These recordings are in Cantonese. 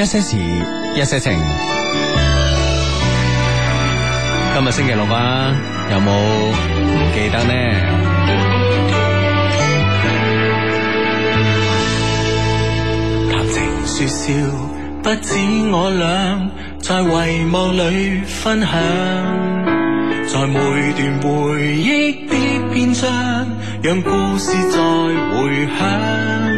一些事，一些情。今日星期六啊，有冇唔記得呢？談 情説笑，不止我倆，在遺忘裏分享，在每段回憶的篇章，讓故事再回響。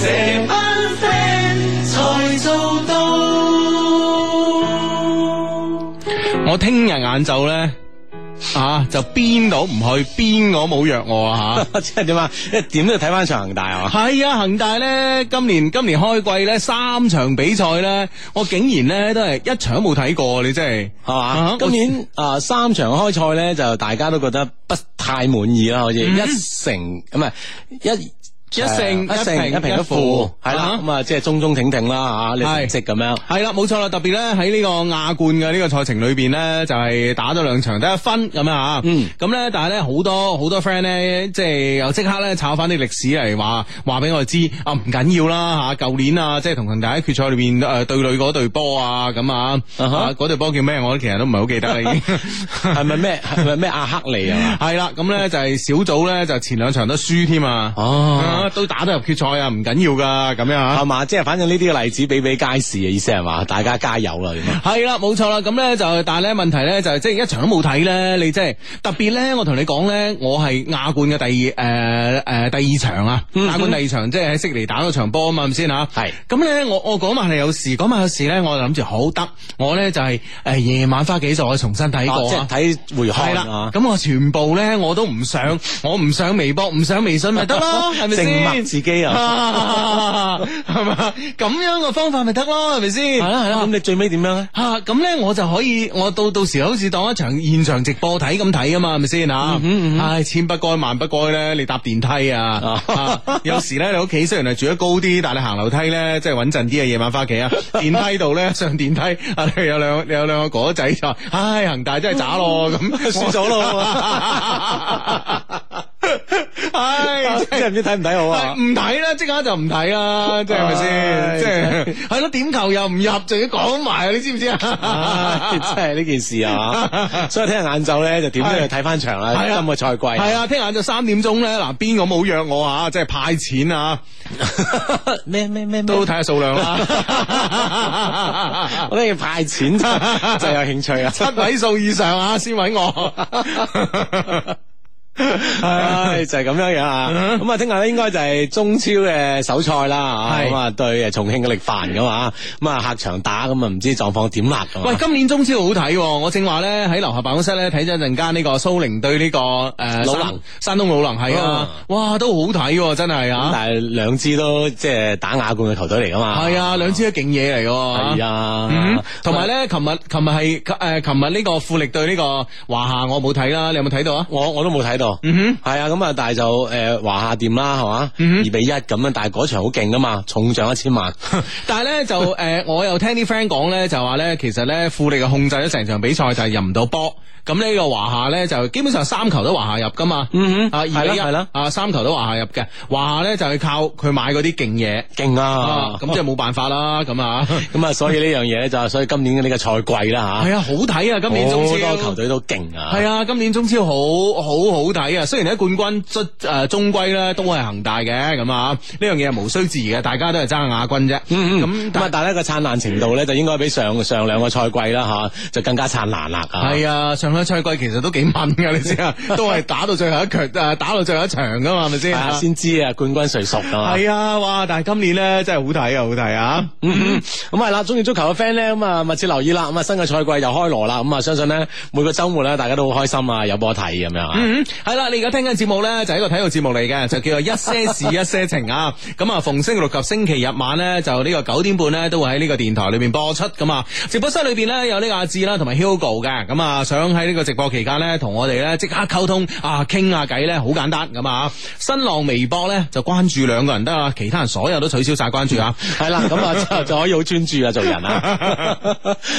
成班才做到。我聽日晏晝咧，吓就邊度唔去邊個我冇約我啊吓，即係點啊？一點都睇翻上恒大係嘛？係啊，恒 大咧、啊啊、今年今年開季咧三場比賽咧，我竟然咧都係一場都冇睇過，你真係係嘛？今年啊三場開賽咧就大家都覺得不太滿意啦，好似、嗯、一成咁係一。一勝一平一平一負，係啦咁啊，即係中中挺挺啦嚇，你成績咁樣。係啦，冇錯啦，特別咧喺呢個亞冠嘅呢個賽程裏邊呢，就係打咗兩場得一分咁樣嚇。嗯，咁咧，但係咧好多好多 friend 咧，即係又即刻咧炒翻啲歷史嚟話話俾我知啊，唔緊要啦嚇，舊年啊，即係同恒大喺決賽裏邊誒對壘嗰對波啊咁啊嚇，嗰對波叫咩？我其實都唔係好記得啦，係咪咩係咪咩阿克利啊？係啦，咁咧就係小組咧就前兩場都輸添啊。都打得入決賽啊，唔緊要噶，咁樣吓，係嘛，即係反正呢啲嘅例子比比皆是嘅意思係嘛， 大家加油啦，係啦，冇錯啦，咁咧就，但係咧問題咧就係，即係一場都冇睇咧，你即、就、係、是、特別咧，我同你講咧，我係亞冠嘅第誒誒、呃呃、第二場啊，亞、嗯、哼冠第二場即係喺悉尼打嗰場波啊嘛，係咪先吓？係，咁咧我我嗰晚係有事，嗰晚有事咧，我就諗住好得，我咧就係、是、誒、呃、夜晚花幾時我重新睇過，睇、啊、回看啊，咁我全部咧我都唔上，我唔上微博，唔上微信咪得咯，係咪？自己啊，係嘛，咁樣嘅方法咪得咯，係咪先？係啦係啦，咁你最尾點樣咧？吓咁咧，我就可以我到到時好似當一場現場直播睇咁睇啊嘛，係咪先吓？唉，千不該萬不該咧，你搭電梯啊！有時咧你屋企雖然係住得高啲，但係你行樓梯咧，即係穩陣啲啊！夜晚翻屋企啊，電梯度咧上電梯，有兩有兩個果仔就，唉恒大真係渣咯，咁輸咗咯。係即係唔知睇唔睇好啊？唔睇啦，即刻就唔睇啦，即係咪先？即係係咯，點球又唔入，仲要講埋，你知唔知啊？即係呢件事啊！ 所以聽日晏晝咧就點都要睇翻場啦，今、哎、個賽季。係啊、哎，聽日晏晝三點鐘咧，嗱邊個冇約我啊？即係派錢啊？咩咩咩都睇下數量啦。我都要看看 我派錢，就有興趣啊？ 七位數以上啊，先搵我。 係、 哎、就係、是、咁樣樣啊！咁啊，聽日咧，應該就係中超嘅首賽啦。咁是啊，對誒重慶嘅力帆噶嘛，咁啊客場打，咁啊唔知狀況點啊？喂，今年中超好睇、哦，我正話咧喺樓下辦公室咧睇咗一陣間呢個蘇寧對呢、這個誒魯能山東魯能係啊，啊哇都好睇、哦、真係、嗯就是、啊！但係兩支都即係打亞冠嘅球隊嚟噶嘛？係啊，兩支都勁嘢嚟噶。係啊，同埋咧，琴、啊、日琴日係誒，琴日呢個富力對呢個華夏，我冇睇啦。你有冇睇到啊？我我都冇睇到。嗯哼，係啊、mm，咁、hmm. 啊，但係就誒華、呃、夏掂啦，係嘛，mm hmm. 二比一咁啊，但係嗰場好勁啊嘛，重上一千萬。 但係咧就誒、呃，我又聽啲 friend 講咧，就話咧，其實咧富力嘅控制咗成場比賽就係入唔到波。咁呢個華夏咧就基本上三球都華夏入噶嘛，嗯哼，啊而家係咯，啊三球都華夏入嘅，華夏咧就係靠佢買嗰啲勁嘢，勁啊，咁即係冇辦法啦，咁啊，咁啊，所以呢樣嘢就，所以今年嘅呢個賽季啦吓，係啊，好睇啊，今年中超球隊都勁啊，係啊，今年中超好好好睇啊，雖然喺冠軍誒終歸咧都係恒大嘅，咁啊呢樣嘢係無需置疑嘅，大家都係爭亞軍啫，咁咁啊，但係呢個燦爛程度咧就應該比上上兩個賽季啦吓，就更加燦爛啦，係啊，個賽季其實都幾掹噶，你知啊，都係打到最後一腳誒，打到最後一場噶 嘛，係咪先？先知啊，冠軍誰屬噶嘛？係啊，哇！但係今年呢，真係好睇啊，好睇啊！咁係啦，中口意、 啊、足球嘅 friend 咧，咁啊，密切留意啦。咁啊，新嘅賽季又開鑼啦。咁啊，相信呢，每個周末咧，大家都好開心啊，有波睇咁樣啊。嗯，係、嗯、啦，你而家聽緊嘅節目咧，就係、是、一個體育節目嚟嘅，就叫做一些事一些情啊。咁啊口口，逢星期六及星期日晚咧，就呢個九點半咧，都會喺呢個電台裏邊播出。咁啊，直播室裏邊呢，有呢個阿志啦，同埋 Hugo 嘅。咁啊，想喺呢個直播期間咧，同我哋咧即刻溝通啊，傾下偈咧，好簡單咁啊！新浪微博咧就關注兩個人得啊，其他人所有都取消晒關注啊。係啦，嗯，咁啊之後 就，就可以好專注啊做人啊。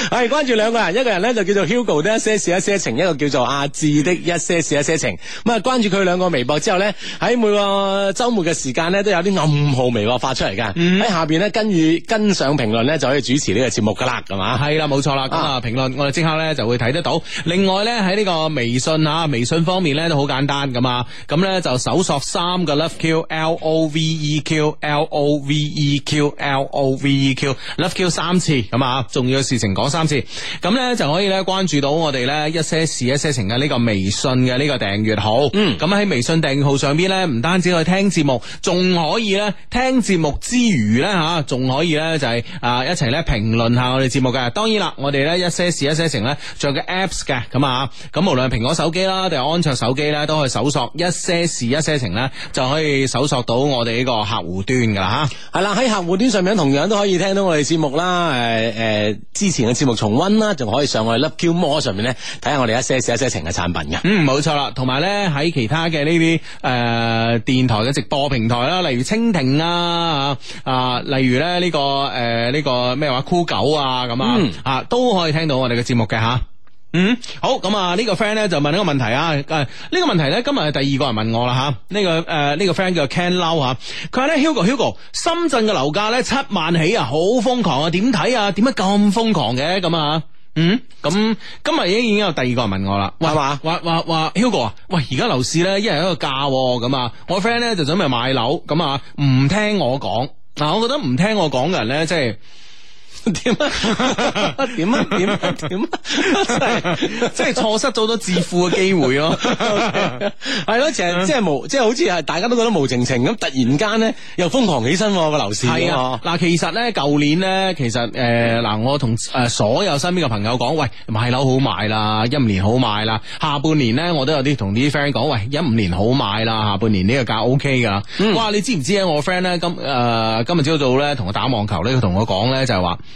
係 關注兩個人，一個人咧就叫做 Hugo 的一些事一些情，一個叫做阿志的一些事一些情。咁，嗯，啊，關注佢兩個微博之後咧，喺每個週末嘅時間咧都有啲暗號微博發出嚟噶。喺，嗯，下邊咧跟住跟上評論咧就可以主持呢個節目噶啦，係嘛？係啦，冇錯啦。咁，嗯，啊，評論我哋即刻咧就會睇得到。另，嗯，外再咧喺呢個微信啊，微信方面咧都好簡單噶嘛，咁咧就搜索三個 love q l o v e q l o v e q l o v e q love q 三次咁啊，重要嘅事情講三次，咁咧就可以咧關注到我哋咧一些事一些情嘅呢個微信嘅呢個訂閱號，嗯，咁喺微信訂閱號上邊咧唔單止可以聽節目，仲可以咧聽節目之餘咧吓，仲可以咧就係啊一齊咧評論下我哋節目嘅。當然啦，我哋咧一些事一些情咧仲有個 apps 嘅咁咁無論係蘋果手機啦，定係安卓手機咧，都可以搜索一些事一些情咧，就可以搜索到我哋呢個客戶端噶啦吓。係啦，喺客戶端上面同樣都可以聽到我哋節目啦。誒、呃、誒、呃，之前嘅節目重溫啦，仲可以上我哋 l More 上面咧睇下我哋一些事一些情嘅產品嘅。嗯，冇錯啦。同埋咧喺其他嘅呢啲誒電台嘅直播平台啦，例如蜻蜓啊啊，例如咧、這、呢個誒呢、呃這個咩話酷狗啊咁、嗯、啊吓，都可以聽到我哋嘅節目嘅吓。啊嗯，好，咁啊呢個 friend 咧就問呢個問題啊，誒、這、呢個問題咧今日係第二個人問我啦吓，呢、這個誒呢、呃這個 friend 叫 Ken Lo 吓，佢話咧 Hugo Hugo，深圳嘅樓價咧七萬起啊，好瘋狂啊，點睇啊，點解咁瘋狂嘅咁啊？嗯，咁、嗯、今日已經已經有第二個人問我啦，係嘛哇，話話話 Hugo 啊，喂而家樓市咧一日一個價咁啊，我 friend 咧就準備買樓，咁啊唔聽我講嗱，我覺得唔聽我講嘅人咧即係。點啊點啊點啊點啊！即係即係錯失咗咗好多致富嘅機會咯，係咯 Okay. 即係即係無即係好似係大家都覺得無情情，咁，突然間咧又瘋狂起身個樓市。係啊，嗱，其實咧舊年咧，其實誒嗱、呃，我同誒所有身邊嘅朋友講，喂，買樓好賣啦，一五年好賣啦，下半年咧，我都有啲同啲 friend 講，喂，一五年好賣啦，下半年呢個價 O K 噶。嗯、哇，你知唔知咧？我 friend 咧今誒、呃、今日朝早咧同我打網球咧，佢同我講咧就係、是、話。誒，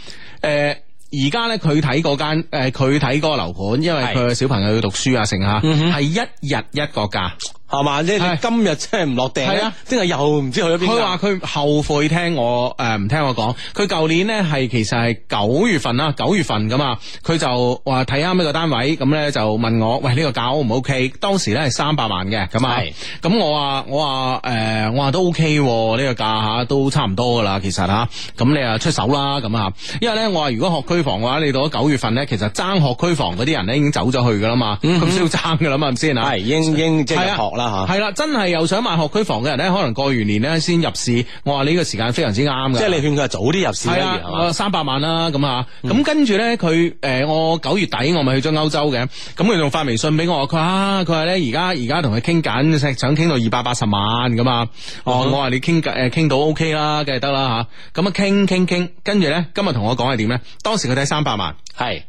而家咧佢睇嗰間誒，佢睇嗰個樓盤，因為佢嘅小朋友要讀書啊，剩吓係一日一個價。係嘛？即係今日真係唔落定，真係、啊、又唔知去咗邊。佢話佢後悔聽我誒，唔、呃、聽我講。佢舊年咧係其實係九月份啦，九月份咁啊。佢就話睇啱呢個單位，咁咧就問我：喂，呢、這個價 O 唔 O K？當時咧係三百萬嘅咁是、呃 OK、啊。咁我話我話誒，我話都 O K 呢個價吓都差唔多噶啦。其實吓咁、啊、你啊出手啦咁啊。因為咧我話如果學區房嘅話，你到咗九月份咧，其實爭學區房嗰啲人咧已經走咗去噶啦嘛，咁、嗯、哼需要爭噶啦嘛，係咪先啊？係、啊，已經即係學係啦，真係又想買學區房嘅人咧，可能過完年咧先入市。我話呢個時間非常之啱嘅，即係你勸佢早啲入市一年係嘛。三百萬啦，咁啊，咁、嗯、跟住咧，佢誒、呃，我九月底我咪去咗歐洲嘅，咁佢仲發微信俾我，佢啊，佢話咧而家而家同佢傾緊，想傾到二百八十萬咁、嗯哼 OK、啊。我我話你傾誒傾到 OK 啦，梗係得啦吓。咁啊傾傾傾，跟住咧今日同我講係點咧？當時佢睇三百萬，係。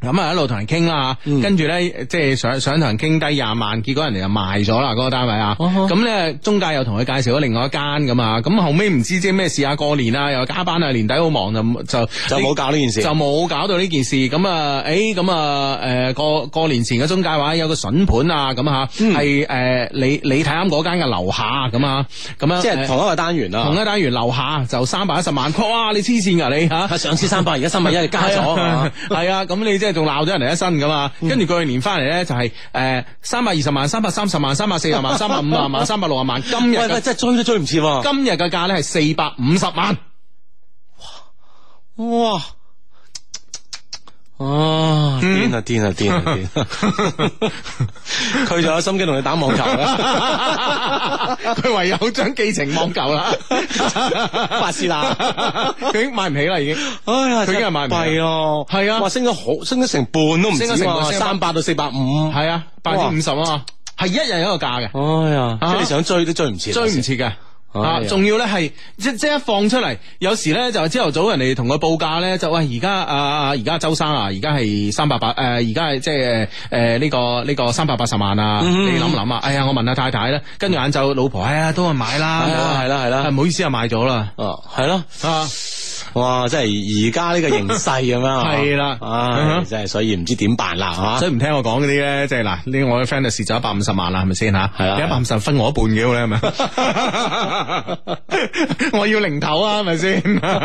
咁啊一路同人傾啦，跟住咧即係上上堂傾低廿萬，結果人哋就賣咗啦嗰個單位啊。咁咧中介又同佢介紹咗另外一間咁啊。咁後尾唔知即係咩事啊？過年啊，又加班啊，年底好忙就就冇搞呢件事。就冇搞到呢件事。咁啊，誒，咁啊，誒，過過年前嘅中介話有個笋盤啊，咁吓，係誒你你睇啱嗰間嘅樓下咁啊，咁樣即係同一個單元啊，同一個單元樓下就三百一十萬，哇！你黐線噶你吓？上次三百，而家三百一你加咗，係啊，咁你即仲鬧咗人哋一身噶嘛，跟住過去年翻嚟咧就係誒三百二十萬、三百三十萬、三百四十萬、三百五十萬、三百六十萬，今日喂喂，真係追都追唔切，今日嘅價咧係四百五十萬，哇哇！哇哦，癲啊癲啊癲啊癲！佢就有心機同你打網球啊！佢唯有將寄情網球啦，發泄啦，佢已經買唔起啦，已經。哎呀，佢已經係買唔起咯，係啊，哇，升咗好，升咗成半都唔止，升咗成三百到四百五，係啊，百分之五十啊嘛，係一日一個價嘅。哎呀，即係你想追都追唔切，追唔切嘅。啊！仲要咧係即即一放出嚟，有時咧就朝頭早人哋同佢報價咧，就喂而家啊而家周生啊，而家係三百八誒，而家係即誒誒呢個呢、呢個三百八十萬啊！嗯、哼你諗唔諗啊？哎呀，我問下太太啦，跟住晏晝老婆，哎呀都話買啦，係啦係啦，唔、啊啊啊啊啊啊、好意思啊，買咗啦，哦係咯啊。哇！即係而家呢個形勢咁樣，係啦 嗎，啊，真係，所以唔知點辦啦，吓，所以唔、啊、聽我講嗰啲咧，即係嗱，呢我嘅 friend 就蝕咗一百五十萬啦，係咪先吓？係啊的，一百五十分我一半嘅，咁樣係咪？我要零頭啊，係咪先？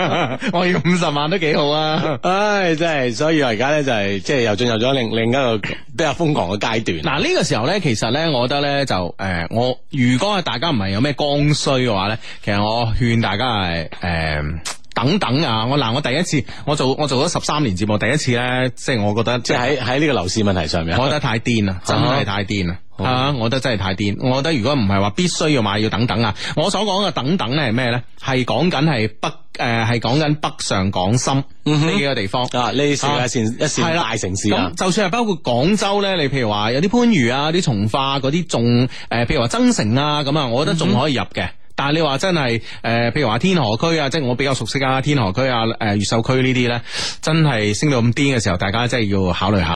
我要五十萬都幾好啊！唉，真係，所以而家咧就係、是、即係又進入咗另另一個比較瘋狂嘅階段。嗱、啊，呢、這個時候咧，其實咧，我覺得咧就誒，我如果係大家唔係有咩剛需嘅話咧，其實我勸、呃、大家係誒。等等啊！我嗱，我第一次我做我做咗十三年節目，第一次咧，即係我覺得即係喺喺呢個樓市問題上面，我覺得太癲啦，真係太癲啦，吓、啊啊！我覺得真係太癲。我覺得如果唔係話必須要買，要等等啊！我所講嘅等等咧係咩咧？係講緊係北誒，係講緊北上廣深呢、嗯、哼幾個地方啊，呢四啊線一線大城市、啊、就算係包括廣州咧，你譬如話有啲番禺啊、啲從化嗰啲仲誒，譬如話增城啊咁啊，我覺得仲可以入嘅。嗯但係你話真係，誒、呃，譬如話天河區啊，即係我比較熟悉啊，天河區啊，誒、呃，越秀區呢啲咧，真係升到咁癲嘅時候，大家真係要考慮下。